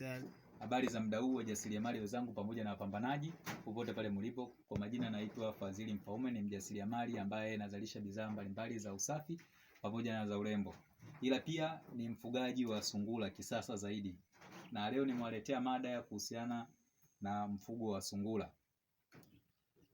Daktari, Habari za muda huu wajasiriamali wenzangu pamoja na wapambanaji popote pale mlipo. Kwa majina naitwa Fadhili Mfaume, ni mjasiriamali ambaye nazalisha bidhaa mbalimbali za usafi pamoja na za urembo, ila pia ni mfugaji wa sungura kisasa zaidi, na leo nimewaletea mada ya kuhusiana na mfugo wa sungura.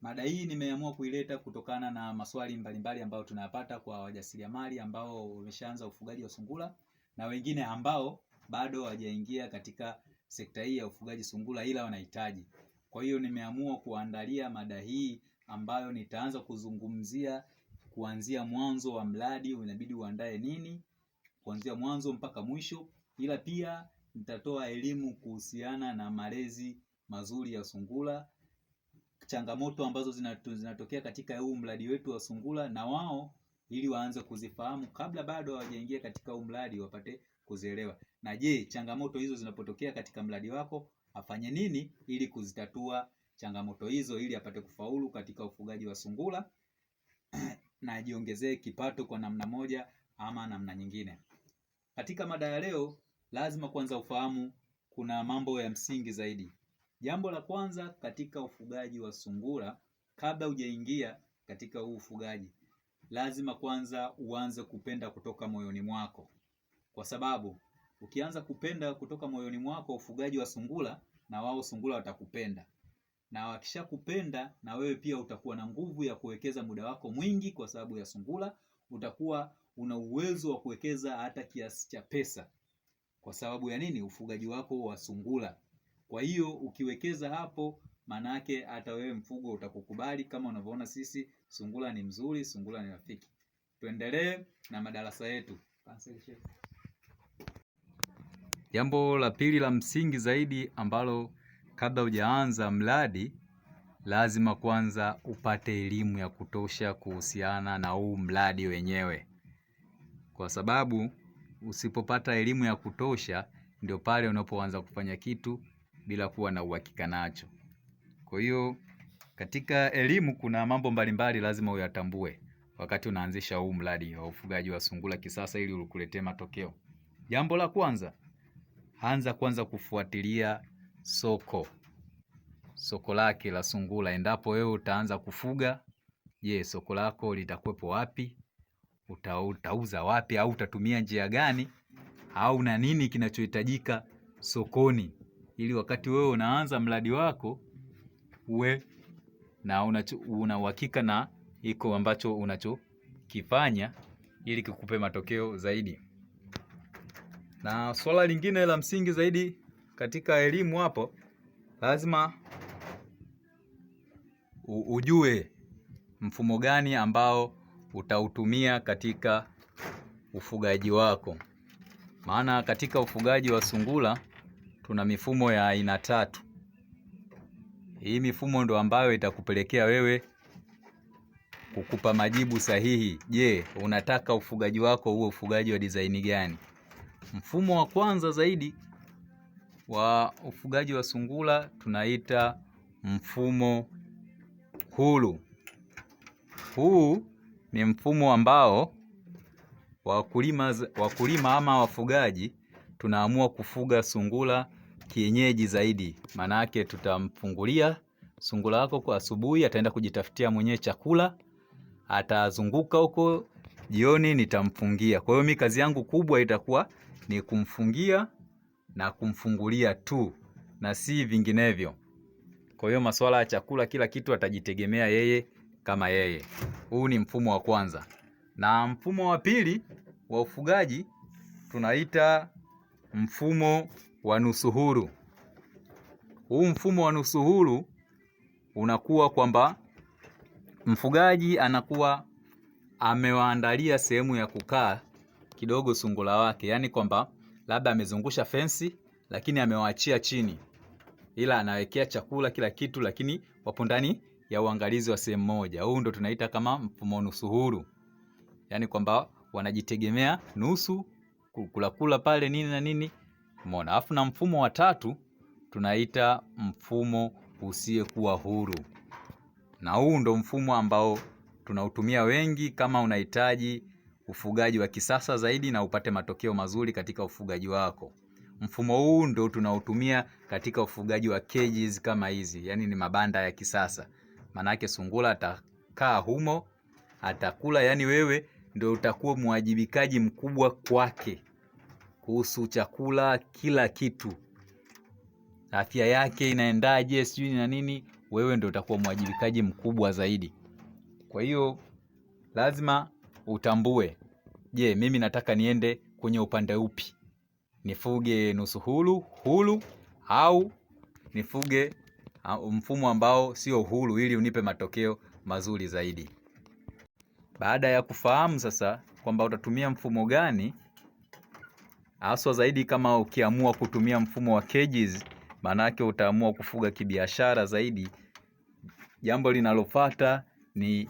Mada hii nimeamua kuileta kutokana na maswali mbalimbali ambayo tunayapata kwa wajasiriamali ambao wameshaanza ufugaji wa sungura na wengine ambao bado hawajaingia katika sekta hii ya ufugaji sungura, ila wanahitaji. Kwa hiyo nimeamua kuandalia mada hii ambayo nitaanza kuzungumzia kuanzia mwanzo wa mradi, inabidi uandae nini kuanzia mwanzo mpaka mwisho, ila pia nitatoa elimu kuhusiana na malezi mazuri ya sungura, changamoto ambazo zinatokea katika huu mradi wetu wa sungura, na wao ili waanze kuzifahamu kabla bado hawajaingia katika huu mradi wapate kuzielewa. Na je, changamoto hizo zinapotokea katika mradi wako afanye nini ili kuzitatua changamoto hizo ili apate kufaulu katika ufugaji wa sungura na ajiongezee kipato kwa namna moja ama namna nyingine. Katika mada ya leo, lazima kwanza ufahamu kuna mambo ya msingi zaidi. Jambo la kwanza katika ufugaji wa sungura, kabla hujaingia katika huu ufugaji, lazima kwanza uanze kupenda kutoka moyoni mwako. Kwa sababu ukianza kupenda kutoka moyoni mwako ufugaji wa sungura na wao sungura watakupenda. Na wakishakupenda na wewe pia utakuwa na nguvu ya kuwekeza muda wako mwingi kwa sababu ya sungura, utakuwa una uwezo wa kuwekeza hata kiasi cha pesa. Kwa sababu ya nini? Ufugaji wako wa sungura. Kwa hiyo ukiwekeza hapo manake hata wewe mfugo utakukubali kama unavyoona sisi sungura ni mzuri, sungura ni rafiki. Tuendelee na madarasa yetu. Jambo la pili la msingi zaidi ambalo kabla hujaanza mradi, lazima kwanza upate elimu ya kutosha kuhusiana na huu mradi wenyewe. Kwa sababu usipopata elimu ya kutosha, ndio pale unapoanza kufanya kitu bila kuwa na uhakika nacho. Kwa hiyo, katika elimu kuna mambo mbalimbali lazima uyatambue wakati unaanzisha huu mradi wa ufugaji wa sungura kisasa ili ukuletee matokeo. Jambo la kwanza, anza kwanza kufuatilia soko soko lake la sungura. Endapo wewe utaanza kufuga, je, soko lako litakuwepo wapi? Uta, utauza wapi au utatumia njia gani au na nini kinachohitajika sokoni, ili wakati wewe unaanza mradi wako uwe na una uhakika na iko ambacho unachokifanya ili kikupe matokeo zaidi. Na swala lingine la msingi zaidi katika elimu hapo, lazima ujue mfumo gani ambao utautumia katika ufugaji wako. Maana katika ufugaji wa sungura tuna mifumo ya aina tatu. Hii mifumo ndo ambayo itakupelekea wewe kukupa majibu sahihi. Je, unataka ufugaji wako uwe ufugaji wa dizaini gani? Mfumo wa kwanza zaidi wa ufugaji wa sungura tunaita mfumo huru. Huu ni mfumo ambao wakulima, wakulima ama wafugaji tunaamua kufuga sungura kienyeji zaidi. Maana yake tutamfungulia sungura wako kwa asubuhi, ataenda kujitafutia mwenyewe chakula, atazunguka huko, jioni nitamfungia. Kwa hiyo mi kazi yangu kubwa itakuwa ni kumfungia na kumfungulia tu na si vinginevyo. Kwa hiyo masuala ya chakula, kila kitu atajitegemea yeye kama yeye. Huu ni mfumo wa kwanza, na mfumo wa pili wa ufugaji tunaita mfumo wa nusu huru. Huu mfumo wa nusu huru unakuwa kwamba mfugaji anakuwa amewaandalia sehemu ya kukaa kidogo sungura wake, yaani kwamba labda amezungusha fensi lakini amewaachia chini, ila anawekea chakula kila kitu, lakini wapo ndani ya uangalizi wa sehemu moja. Huu ndo tunaita kama mfumo nusu huru, yaani kwamba wanajitegemea nusu kulakula pale nini na nini, umeona. Alafu na mfumo wa tatu tunaita mfumo usiyekuwa huru, na huu ndo mfumo ambao tunautumia wengi kama unahitaji ufugaji wa kisasa zaidi na upate matokeo mazuri katika ufugaji wako. Mfumo huu ndio tunautumia katika ufugaji wa cages kama hizi, yani ni mabanda ya kisasa. yake sungura atakaa humo, atakula, yani wewe ndio utakuwa mwajibikaji mkubwa kwake kuhusu chakula, kila kitu, afya yake inaendaje, sijui na nini, wewe ndio utakuwa mwajibikaji mkubwa zaidi. Kwa hiyo lazima utambue, je, mimi nataka niende kwenye upande upi? Nifuge nusu huru huru au nifuge mfumo ambao sio huru, ili unipe matokeo mazuri zaidi. Baada ya kufahamu sasa kwamba utatumia mfumo gani haswa zaidi, kama ukiamua kutumia mfumo wa cages, maanake utaamua kufuga kibiashara zaidi. Jambo linalofuata ni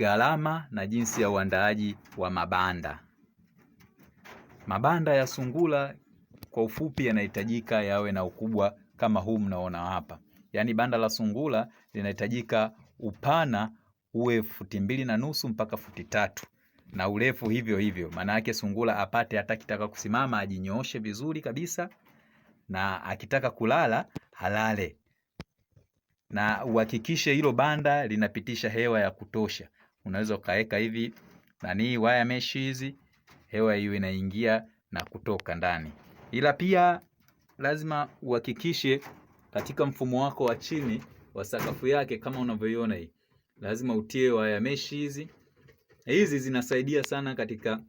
gharama na jinsi ya uandaaji wa mabanda. Mabanda ya sungura kwa ufupi yanahitajika yawe na ukubwa kama huu mnaona hapa. Yaani banda la sungura linahitajika upana uwe futi mbili na nusu mpaka futi tatu na urefu hivyo hivyo. Maana yake sungura apate hata kitaka kusimama ajinyooshe vizuri kabisa na akitaka kulala halale. Na uhakikishe hilo banda linapitisha hewa ya kutosha unaweza ukaweka hivi nani waya mesh hizi hewa hiyo inaingia na kutoka ndani. Ila pia lazima uhakikishe katika mfumo wako wa chini wa sakafu yake kama unavyoiona hii, lazima utie waya mesh hizi. Hizi zinasaidia sana katika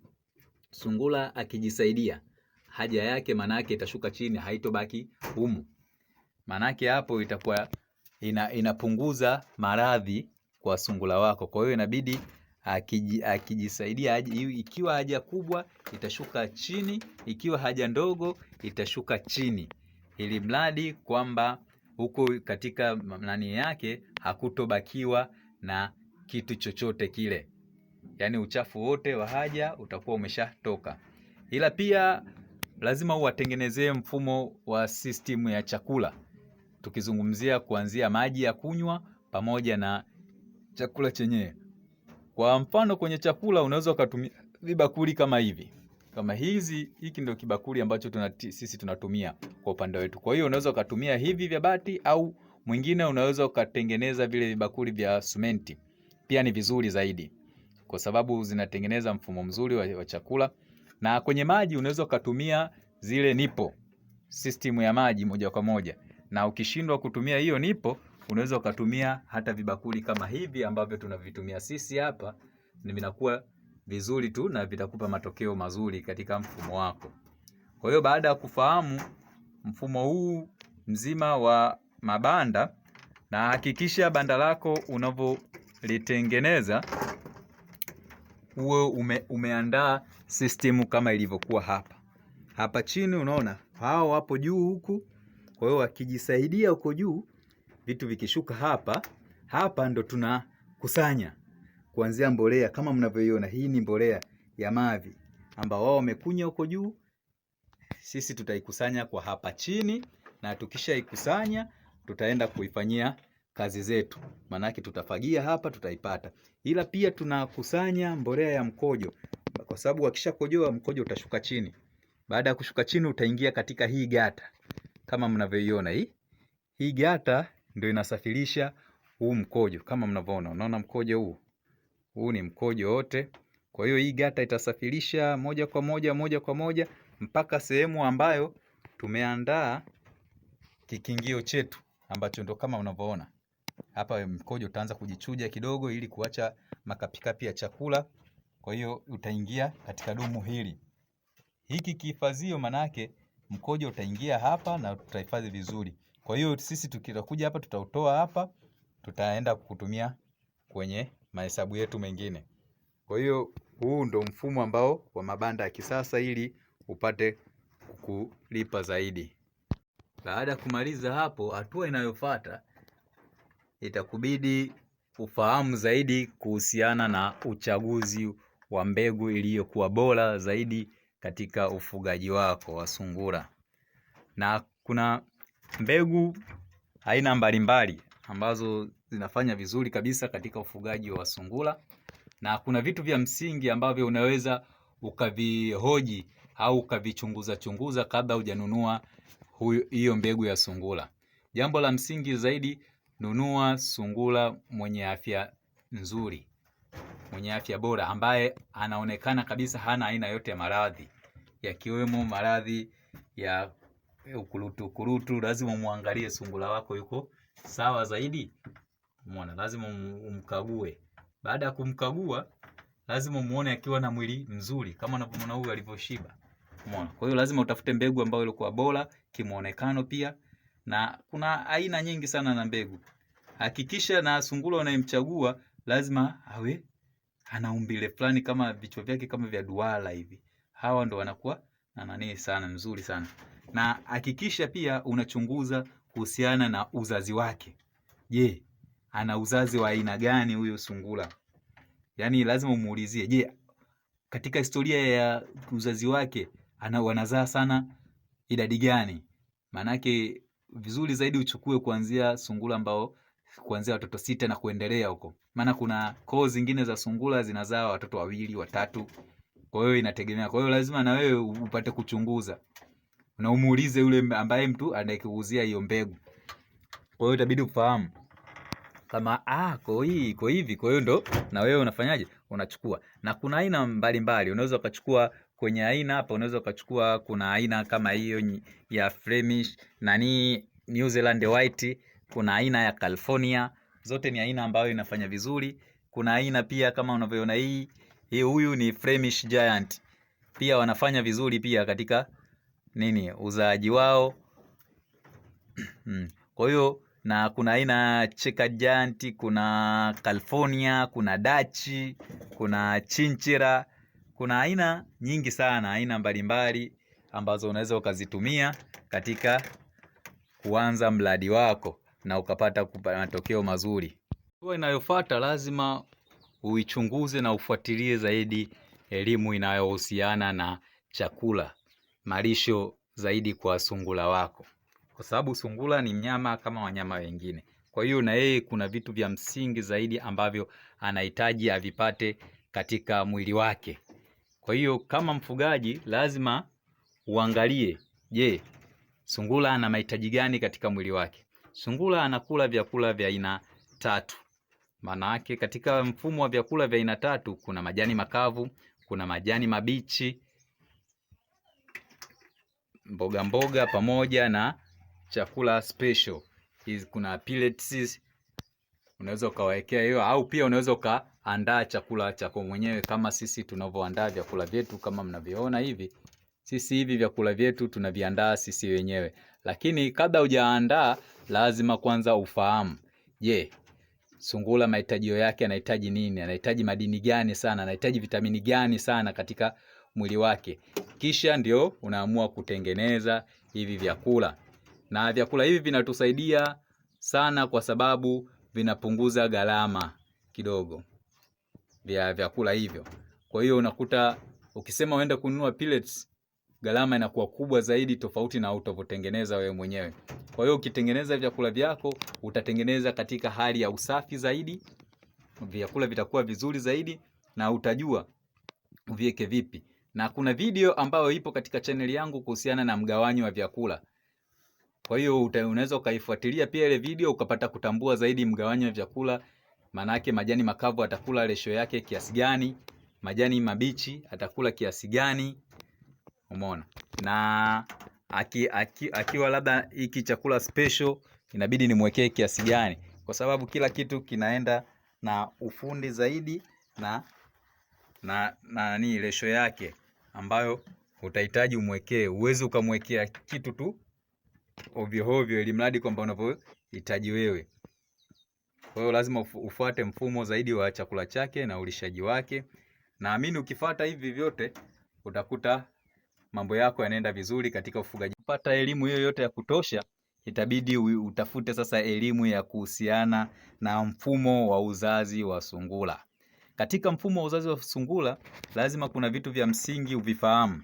sungula akijisaidia haja yake, manake itashuka chini, haitobaki humu, manake hapo itakuwa ina, inapunguza maradhi kwa sungura wako. Kwa hiyo inabidi akiji, akijisaidia ikiwa haja kubwa itashuka chini, ikiwa haja ndogo itashuka chini, ili mradi kwamba huko katika nani yake hakutobakiwa na kitu chochote kile, yaani uchafu wote wa haja utakuwa umeshatoka. Ila pia lazima uwatengenezee mfumo wa system ya chakula, tukizungumzia kuanzia maji ya kunywa pamoja na chakula chenyewe. Kwa mfano kwenye chakula unaweza ukatumia vibakuli kama hivi kama hizi hiki ndio kibakuli ambacho tunati, sisi tunatumia kwa upande wetu. Kwa hiyo unaweza ukatumia hivi vya bati au mwingine unaweza ukatengeneza vile vibakuli vya sumenti, pia ni vizuri zaidi kwa sababu zinatengeneza mfumo mzuri wa, wa chakula. Na kwenye maji unaweza ukatumia zile nipo, system ya maji moja kwa moja, na ukishindwa kutumia hiyo nipo Unaweza ukatumia hata vibakuli kama hivi ambavyo tunavitumia sisi hapa, ni vinakuwa vizuri tu na vitakupa matokeo mazuri katika mfumo wako. Kwa hiyo baada ya kufahamu mfumo huu mzima wa mabanda, na hakikisha banda lako unavyolitengeneza uwe ume, umeandaa system kama ilivyokuwa hapa hapa chini. Unaona hao wapo juu huku, kwa hiyo wakijisaidia huko juu Vitu vikishuka hapa, hapa ndo tunakusanya kuanzia mbolea kama mnavyoiona. Hii ni mbolea ya mavi ambao wao wamekunya huko juu, sisi tutaikusanya kwa hapa chini, na tukishaikusanya tutaenda kuifanyia kazi zetu, maanake tutafagia hapa, tutaipata. Ila pia tunakusanya mbolea ya mkojo, kwa sababu wakishakojoa mkojo utashuka chini. Baada ya kushuka chini, utaingia katika hii gata kama mnavyoiona hii hii gata ndio inasafirisha huu mkojo kama mnavyoona. Unaona mkojo huu, huu ni mkojo wote. Kwa hiyo hii gata itasafirisha moja kwa moja moja kwa moja mpaka sehemu ambayo tumeandaa kikingio chetu ambacho ndo kama unavyoona hapa, mkojo utaanza kujichuja kidogo ili kuacha makapikapi ya chakula. Kwa hiyo utaingia katika dumu hili, hiki kihifadhio, manake mkojo utaingia hapa na tutahifadhi vizuri. Kwa hiyo sisi tukitakuja hapa tutautoa hapa, tutaenda kutumia kwenye mahesabu yetu mengine. Kwa hiyo huu ndo mfumo ambao wa mabanda ya kisasa ili upate kulipa zaidi. Baada ya kumaliza hapo, hatua inayofuata itakubidi ufahamu zaidi kuhusiana na uchaguzi wa mbegu iliyokuwa bora zaidi katika ufugaji wako wa sungura. Na kuna mbegu aina mbalimbali ambazo zinafanya vizuri kabisa katika ufugaji wa sungura, na kuna vitu vya msingi ambavyo unaweza ukavihoji au ukavichunguza chunguza kabla hujanunua hiyo mbegu ya sungura. Jambo la msingi zaidi, nunua sungura mwenye afya nzuri, mwenye afya bora, ambaye anaonekana kabisa hana aina yote ya maradhi yakiwemo maradhi ya Eh, ukurutu ukurutu, lazima muangalie sungura wako yuko sawa zaidi. Umeona, lazima um, umkague. Baada ya kumkagua, lazima muone akiwa na mwili mzuri kama unavyomuona huyu alivyoshiba. Umeona, kwa hiyo lazima utafute mbegu ambayo ilikuwa bora kimuonekano pia, na kuna aina nyingi sana na mbegu. Hakikisha na sungura unayemchagua lazima awe ana umbile fulani, kama vichwa vyake kama vya duara hivi. Hawa ndo wanakuwa na nani sana mzuri sana na hakikisha pia unachunguza kuhusiana na uzazi wake. Je, ana uzazi wa aina gani huyo sungura? Yaani lazima umuulizie, je, katika historia ya uzazi wake ana wanazaa sana idadi gani? Maanake vizuri zaidi uchukue kuanzia sungura ambao kuanzia watoto sita na kuendelea huko, maana kuna koo zingine za sungura zinazaa watoto wawili watatu, kwa hiyo inategemea. Kwa hiyo lazima na wewe upate kuchunguza na umuulize yule ambaye mtu anayekuuzia hiyo mbegu. Kwa hiyo itabidi ufahamu kama ah, kwa hii kwa hivi, kwa hiyo ndo na wewe unafanyaje? Unachukua. Na kuna aina mbalimbali, unaweza ukachukua kwenye aina hapa, unaweza ukachukua, kuna aina kama hiyo ya Flemish nani, New Zealand White, kuna aina ya California, zote ni aina ambayo inafanya vizuri. Kuna aina pia kama unavyoona hii hii, huyu ni Flemish Giant, pia wanafanya vizuri pia katika nini uzaaji wao mm. kwa hiyo na kuna aina cheka janti kuna california kuna dachi kuna chinchira kuna aina nyingi sana aina mbalimbali ambazo unaweza ukazitumia katika kuanza mradi wako na ukapata matokeo mazuri hatua inayofuata lazima uichunguze na ufuatilie zaidi elimu inayohusiana na chakula malisho zaidi kwa sungula wako kwa sababu sungula ni mnyama kama wanyama wengine. Kwa hiyo na yeye kuna vitu vya msingi zaidi ambavyo anahitaji avipate katika mwili wake. Kwa hiyo kama mfugaji lazima uangalie, je, sungula ana mahitaji gani katika mwili wake? Sungula anakula vyakula vya aina tatu. Maana yake katika mfumo wa vyakula vya aina tatu kuna majani makavu, kuna majani mabichi mboga mboga pamoja na chakula special. Hizi kuna pellets unaweza ukawawekea hiyo, au pia unaweza ukaandaa chakula chako mwenyewe kama sisi tunavyoandaa vyakula vyetu. Kama mnavyoona hivi, sisi hivi vyakula vyetu tunaviandaa sisi wenyewe, lakini kabla hujaandaa, lazima kwanza ufahamu, je, sungura mahitaji yake, anahitaji nini? Anahitaji madini gani sana? Anahitaji vitamini gani sana katika mwili wake, kisha ndio unaamua kutengeneza hivi vyakula. Na vyakula hivi vinatusaidia sana kwa sababu vinapunguza gharama kidogo vya vyakula hivyo. Kwa hiyo unakuta ukisema uende kununua pellets, gharama inakuwa kubwa zaidi tofauti na utavyotengeneza wewe mwenyewe. Kwa hiyo ukitengeneza vyakula vyako utatengeneza katika hali ya usafi zaidi, vyakula vitakuwa vizuri zaidi na utajua uviweke vipi na kuna video ambayo ipo katika chaneli yangu kuhusiana na mgawanyo wa vyakula. Kwa hiyo unaweza ukaifuatilia pia ile video ukapata kutambua zaidi mgawanyo wa vyakula, maanake majani makavu atakula resho yake kiasi gani, majani mabichi atakula kiasi gani, umeona. Na aki, aki, akiwa labda hiki chakula special inabidi nimwekee kiasi gani, kwa sababu kila kitu kinaenda na ufundi zaidi na na nani resho yake ambayo utahitaji umwekee. Uwezi ukamwekea kitu tu ovyo ovyo, ili mradi kwamba unavyohitaji wewe. Kwa hiyo lazima ufuate mfumo zaidi wa chakula chake na ulishaji wake. Naamini ukifata hivi vyote utakuta mambo yako yanaenda vizuri katika ufugaji. Pata elimu hiyo yote ya kutosha, itabidi utafute sasa elimu ya kuhusiana na mfumo wa uzazi wa sungura. Katika mfumo wa uzazi wa sungura, lazima kuna vitu vya msingi uvifahamu.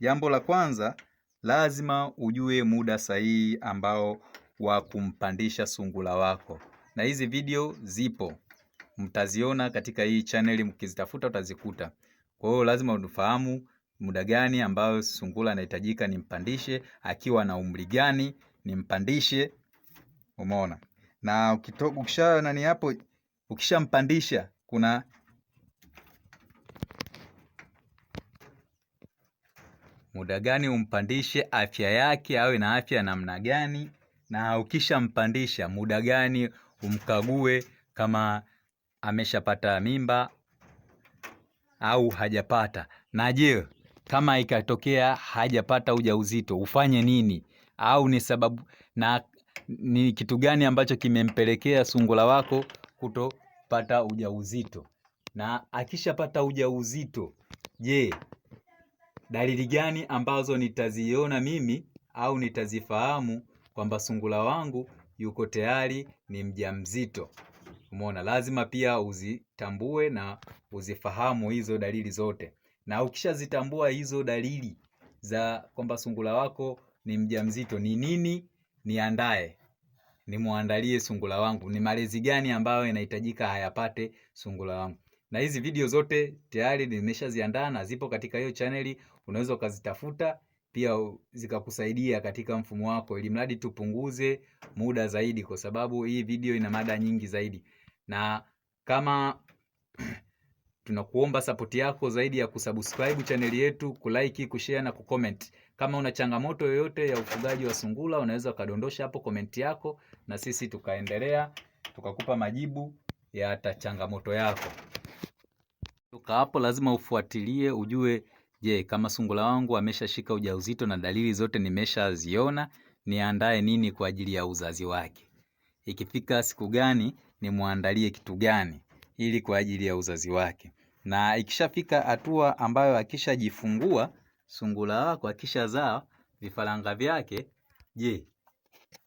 Jambo la kwanza, lazima ujue muda sahihi ambao wa kumpandisha sungura wako, na hizi video zipo, mtaziona katika hii chaneli, mkizitafuta utazikuta. Kwa hiyo lazima ufahamu muda gani ambayo sungura anahitajika nimpandishe, akiwa na umri gani nimpandishe. Umeona? Na ukisha nani hapo, ukishampandisha kuna muda gani umpandishe, afya yake awe na afya namna gani, na ukishampandisha muda gani umkague kama ameshapata mimba au hajapata. Na je, kama ikatokea hajapata ujauzito ufanye nini? Au ni sababu na ni kitu gani ambacho kimempelekea sungura wako kutopata ujauzito? Na akishapata ujauzito, je, Dalili gani ambazo nitaziona mimi au nitazifahamu kwamba sungura wangu yuko tayari ni mjamzito. Umeona, lazima pia uzitambue na uzifahamu hizo dalili zote, na ukishazitambua hizo dalili za kwamba sungura wako ni mjamzito, ni nini niandae, nimwandalie sungura wangu, ni malezi gani ambayo inahitajika hayapate sungura wangu. Na hizi video zote tayari nimeshaziandaa na zipo katika hiyo chaneli unaweza ukazitafuta pia zikakusaidia katika mfumo wako, ili mradi tupunguze muda zaidi, kwa sababu hii video ina mada nyingi zaidi, na kama tunakuomba sapoti yako zaidi ya kusubscribe chaneli yetu, kulike, kushare na kucomment. Kama una changamoto yoyote ya ufugaji wa sungura, unaweza ukadondosha hapo komenti yako, na sisi tukaendelea tukakupa majibu ya changamoto yako. Tuka hapo lazima ufuatilie ujue Je, kama sungura wangu ameshashika ujauzito na dalili zote nimeshaziona, niandae nini kwa ajili ya uzazi wake? Ikifika siku gani nimwandalie kitu gani ili kwa ajili ya uzazi wake? Na ikishafika hatua ambayo akishajifungua sungura wako akishazaa vifaranga vyake, je, ni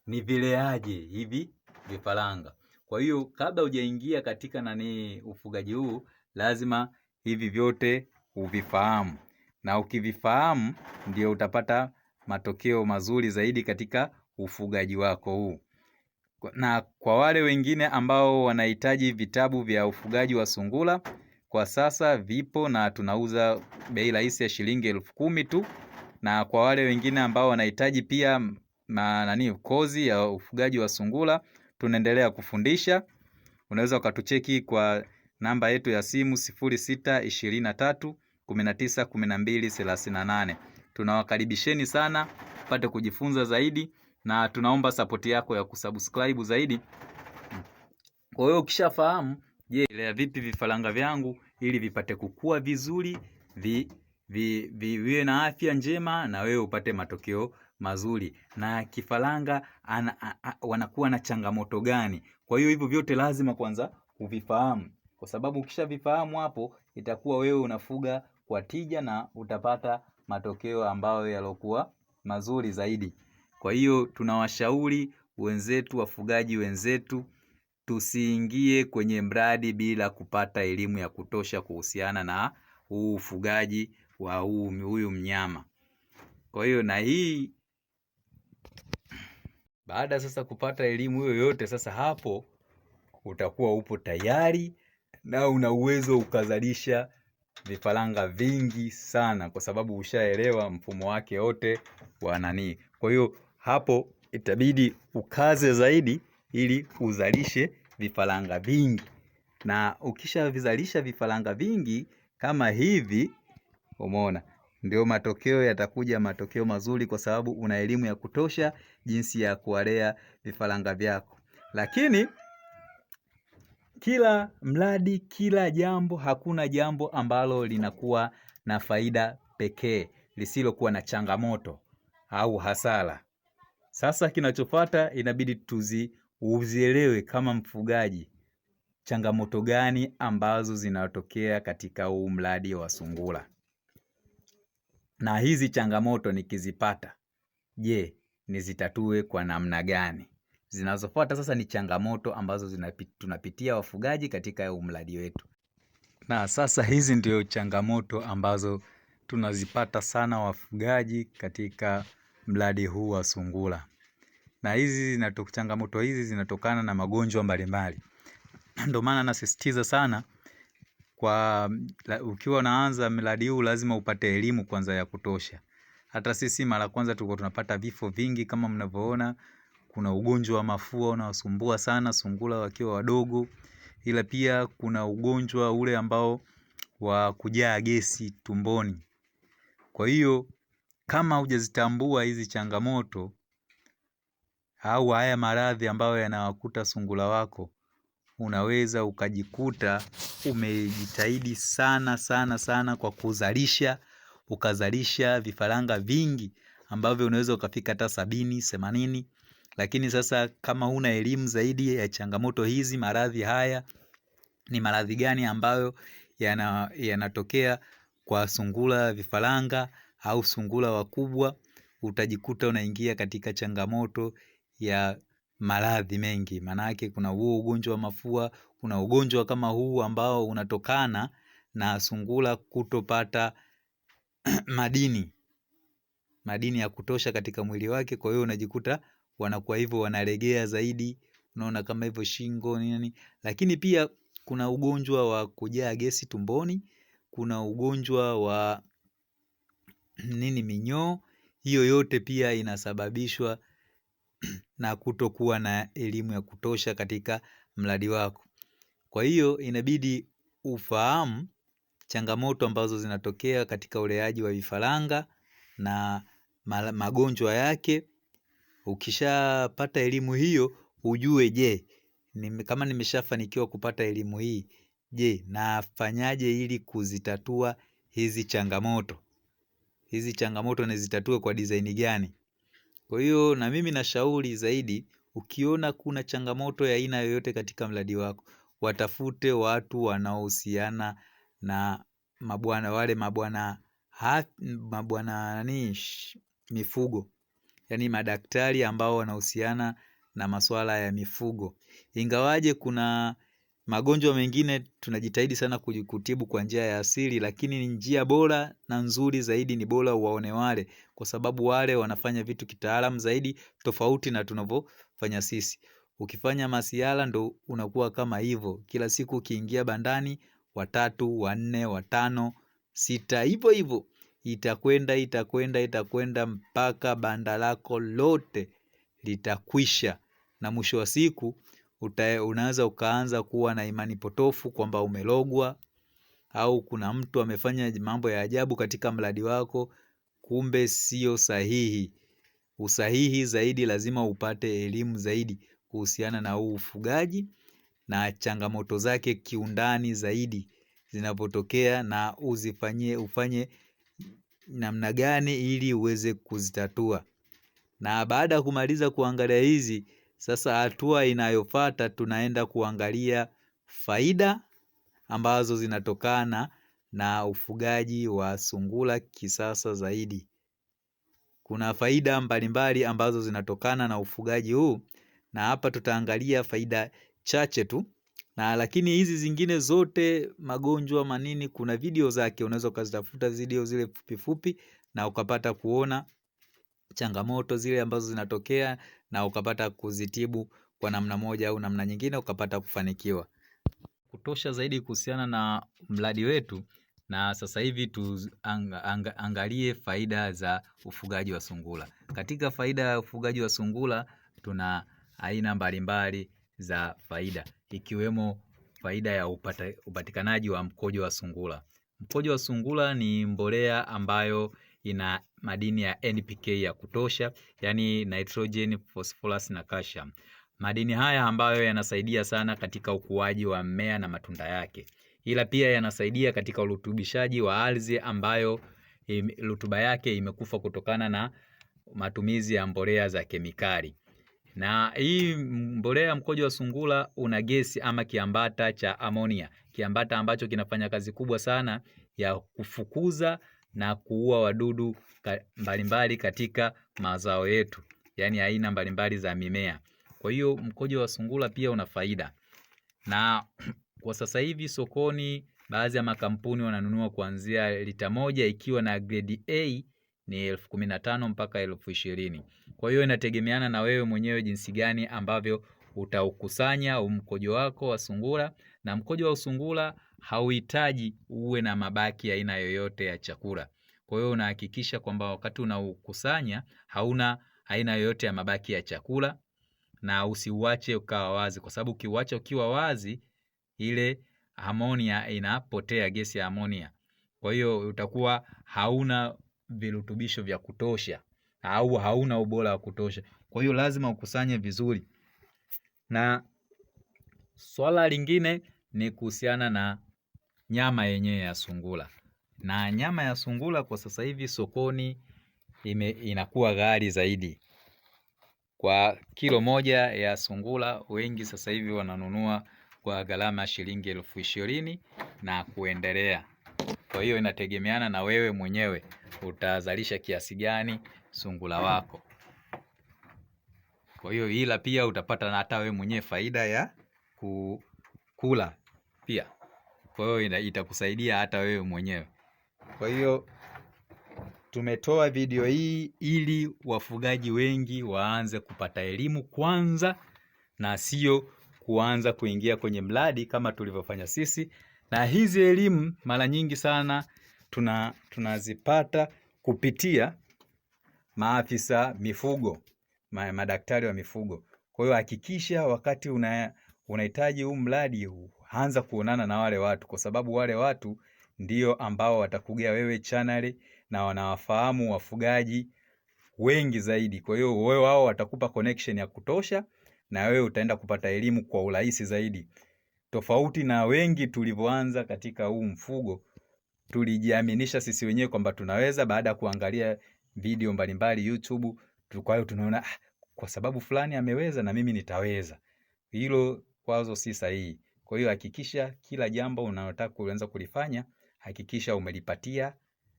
nivileaje hivi vifaranga? Kwa hiyo kabla hujaingia katika nani ufugaji huu lazima hivi vyote uvifahamu na ukivifahamu ndio utapata matokeo mazuri zaidi katika ufugaji wako huu. Na kwa wale wengine ambao wanahitaji vitabu vya ufugaji wa sungura, kwa sasa vipo na tunauza bei rahisi ya shilingi elfu kumi tu. Na kwa wale wengine ambao wanahitaji pia nani kozi ya ufugaji wa sungura, tunaendelea kufundisha. Unaweza ukatucheki kwa namba yetu ya simu sifuri sita ishirini na tatu 19 Tunawakaribisheni sana pate kujifunza zaidi na tunaomba sapoti yako ya kusubscribe zaidi. Kwa hiyo ukishafahamu, je, lea vipi vifaranga vyangu ili vipate kukua vizuri, vi, vi, vi, viwe na afya njema na wewe upate matokeo mazuri, na kifaranga ana, a, a, wanakuwa na changamoto gani? Kwa hiyo hivyo vyote lazima kwanza uvifahamu, kwa sababu ukishavifahamu hapo itakuwa wewe unafuga kwa tija na utapata matokeo ambayo yalokuwa mazuri zaidi. Kwa hiyo tunawashauri wenzetu wafugaji wenzetu tusiingie kwenye mradi bila kupata elimu ya kutosha kuhusiana na huu ufugaji wa huyu mnyama. Kwa hiyo na hii baada sasa kupata elimu hiyo yote, sasa hapo utakuwa upo tayari na una uwezo ukazalisha vifaranga vingi sana kwa sababu ushaelewa mfumo wake wote wa nani. Kwa hiyo hapo itabidi ukaze zaidi ili uzalishe vifaranga vingi, na ukishavizalisha vifaranga vingi kama hivi, umeona, ndio matokeo yatakuja, matokeo mazuri, kwa sababu una elimu ya kutosha jinsi ya kuwalea vifaranga vyako, lakini kila mradi, kila jambo, hakuna jambo ambalo linakuwa na faida pekee, lisilokuwa na changamoto au hasara. Sasa kinachofuata inabidi uzielewe kama mfugaji. Changamoto gani ambazo zinatokea katika huu mradi wa sungura. Na hizi changamoto nikizipata. Je, nizitatue kwa namna gani? Zinazofuata sasa ni changamoto ambazo zinapi, tunapitia wafugaji katika umradi wetu. Na sasa hizi ndio changamoto ambazo tunazipata sana wafugaji katika mradi huu wa sungura. Na hizi changamoto hizi zinatokana na magonjwa mbalimbali. Ndio maana nasisitiza sana kwa la, ukiwa unaanza mradi huu lazima upate elimu kwanza ya kutosha. Hata sisi mara kwanza tulikuwa tunapata vifo vingi kama mnavyoona kuna ugonjwa wa mafua unawasumbua sana sungura wakiwa wadogo ila pia kuna ugonjwa ule ambao wa kujaa gesi tumboni. Kwa hiyo kama hujazitambua hizi changamoto au haya maradhi ambayo yanawakuta sungura wako unaweza ukajikuta umejitahidi sana sana sana kwa kuzalisha ukazalisha vifaranga vingi ambavyo unaweza ukafika hata sabini, themanini lakini sasa kama huna elimu zaidi ya changamoto hizi, maradhi haya ni maradhi gani ambayo yanatokea yana kwa sungura vifaranga au sungura wakubwa, utajikuta unaingia katika changamoto ya maradhi mengi. Maanake kuna huo ugonjwa wa mafua, kuna ugonjwa kama huu ambao unatokana na sungura kutopata madini madini ya kutosha katika mwili wake, kwa hiyo unajikuta wanakuwa hivyo wanalegea zaidi, unaona kama hivyo shingo nini. Lakini pia kuna ugonjwa wa kujaa gesi tumboni, kuna ugonjwa wa nini minyoo, hiyo yote pia inasababishwa na kutokuwa na elimu ya kutosha katika mradi wako. Kwa hiyo inabidi ufahamu changamoto ambazo zinatokea katika uleaji wa vifaranga na magonjwa yake Ukishapata elimu hiyo ujue je, kama nimeshafanikiwa kupata elimu hii, je, nafanyaje ili kuzitatua hizi changamoto. Hizi changamoto nizitatue kwa design gani? Kwa hiyo na mimi nashauri zaidi ukiona kuna changamoto ya aina yoyote katika mradi wako, watafute watu wanaohusiana na mabwana wale mabwana mabwana nani mifugo yani madaktari ambao wanahusiana na maswala ya mifugo. Ingawaje kuna magonjwa mengine tunajitahidi sana kutibu kwa njia ya asili, lakini njia bora na nzuri zaidi ni bora uwaone wale, kwa sababu wale wanafanya vitu kitaalamu zaidi, tofauti na tunavyofanya sisi. Ukifanya masiala ndo unakuwa kama hivyo, kila siku ukiingia bandani watatu, wanne, watano, sita, hivyo hivyo itakwenda itakwenda itakwenda mpaka banda lako lote litakwisha, na mwisho wa siku unaweza ukaanza kuwa na imani potofu kwamba umelogwa au kuna mtu amefanya mambo ya ajabu katika mradi wako, kumbe sio sahihi. Usahihi zaidi lazima upate elimu zaidi kuhusiana na huu ufugaji na changamoto zake kiundani zaidi zinapotokea, na uzifanyie ufanye namna gani ili uweze kuzitatua. Na baada ya kumaliza kuangalia hizi, sasa hatua inayofata tunaenda kuangalia faida ambazo zinatokana na ufugaji wa sungura kisasa zaidi. Kuna faida mbalimbali ambazo zinatokana na ufugaji huu na hapa tutaangalia faida chache tu na lakini hizi zingine zote magonjwa manini, kuna video zake unaweza ukazitafuta video zile fupi fupi, na ukapata kuona changamoto zile ambazo zinatokea na ukapata kuzitibu kwa namna moja au namna nyingine, ukapata kufanikiwa kutosha zaidi kuhusiana na mradi wetu. Na sasa hivi tuangalie faida za ufugaji wa sungura. Katika faida ya ufugaji wa sungura tuna aina mbalimbali za faida ikiwemo faida ya upata, upatikanaji wa mkojo wa sungura. Mkojo wa sungura ni mbolea ambayo ina madini ya NPK ya kutosha, yani nitrogen, phosphorus na calcium. Madini haya ambayo yanasaidia sana katika ukuaji wa mmea na matunda yake, ila pia yanasaidia katika urutubishaji wa ardhi ambayo rutuba yake imekufa kutokana na matumizi ya mbolea za kemikali na hii mbolea ya mkojo wa sungura una gesi ama kiambata cha amonia, kiambata ambacho kinafanya kazi kubwa sana ya kufukuza na kuua wadudu mbalimbali katika mazao yetu, yaani aina mbalimbali za mimea. Kwa hiyo mkojo wa sungura pia una faida, na kwa sasa hivi sokoni, baadhi ya makampuni wananunua kuanzia lita moja ikiwa na grade A ni elfu kumi na tano mpaka elfu ishirini. Kwa hiyo inategemeana na wewe mwenyewe jinsi gani ambavyo utaukusanya mkojo wako wa sungura na mkojo wa sungura hauhitaji uwe na mabaki ya aina yoyote ya chakula. Kwa hiyo unahakikisha kwamba wakati unaukusanya hauna aina yoyote ya mabaki ya chakula na usiuache ukawa wazi kwa sababu ukiuacha ukiwa wazi ile amonia inapotea gesi ya amonia. Kwa hiyo utakuwa hauna virutubisho vya kutosha au hauna ubora wa kutosha. Kwa hiyo lazima ukusanye vizuri. Na swala lingine ni kuhusiana na nyama yenyewe ya sungura. Na nyama ya sungura kwa sasa hivi sokoni inakuwa ghali zaidi. Kwa kilo moja ya sungura wengi sasa hivi wananunua kwa gharama shilingi elfu ishirini na kuendelea. Kwa hiyo inategemeana na wewe mwenyewe utazalisha kiasi gani sungura wako. Kwa hiyo ila pia utapata na hata wewe mwenyewe faida ya kukula pia. Kwa hiyo itakusaidia hata wewe mwenyewe. Kwa hiyo tumetoa video hii ili wafugaji wengi waanze kupata elimu kwanza na sio kuanza kuingia kwenye mradi kama tulivyofanya sisi. Na hizi elimu mara nyingi sana tuna tunazipata kupitia maafisa mifugo, madaktari wa mifugo. Kwa hiyo hakikisha wakati una unahitaji huu mradi, anza kuonana na wale watu, kwa sababu wale watu ndio ambao watakugea wewe chaneli na wanawafahamu wafugaji wengi zaidi. Kwa hiyo wewe, wao watakupa connection ya kutosha, na wewe utaenda kupata elimu kwa urahisi zaidi. Tofauti na wengi tulivyoanza katika huu mfugo, tulijiaminisha sisi wenyewe kwamba tunaweza baada ya kuangalia video mbalimbali YouTube, kwa hiyo tunaona ah, kwa sababu fulani ameweza na mimi nitaweza. Hilo wazo si sahihi. Kwa hiyo hakikisha kila jambo unalotaka kuanza kulifanya, hakikisha umelipatia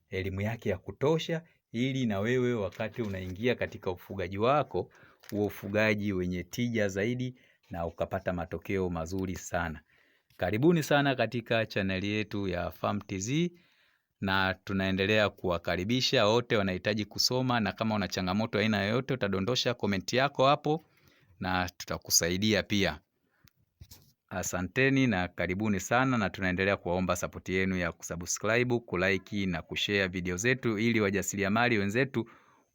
elimu yake ya kutosha ili na wewe wakati unaingia katika ufugaji wako, huo ufugaji wenye tija zaidi na ukapata matokeo mazuri sana. Karibuni sana katika chaneli yetu ya Farm tz na tunaendelea kuwakaribisha wote wanahitaji kusoma, na kama una changamoto aina yoyote utadondosha komenti yako hapo na tutakusaidia pia. Asanteni na karibuni sana, na tunaendelea kuwaomba sapoti yenu ya kusubscribe, kulike na kushare video zetu ili wajasiriamali wenzetu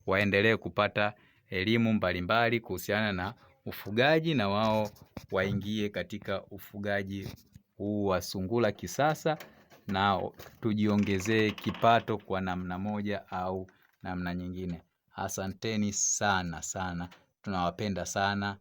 waendelee kupata elimu mbalimbali kuhusiana na ufugaji na wao waingie katika ufugaji huu wa sungura kisasa na tujiongezee kipato kwa namna moja au namna nyingine. Asanteni sana sana, tunawapenda sana.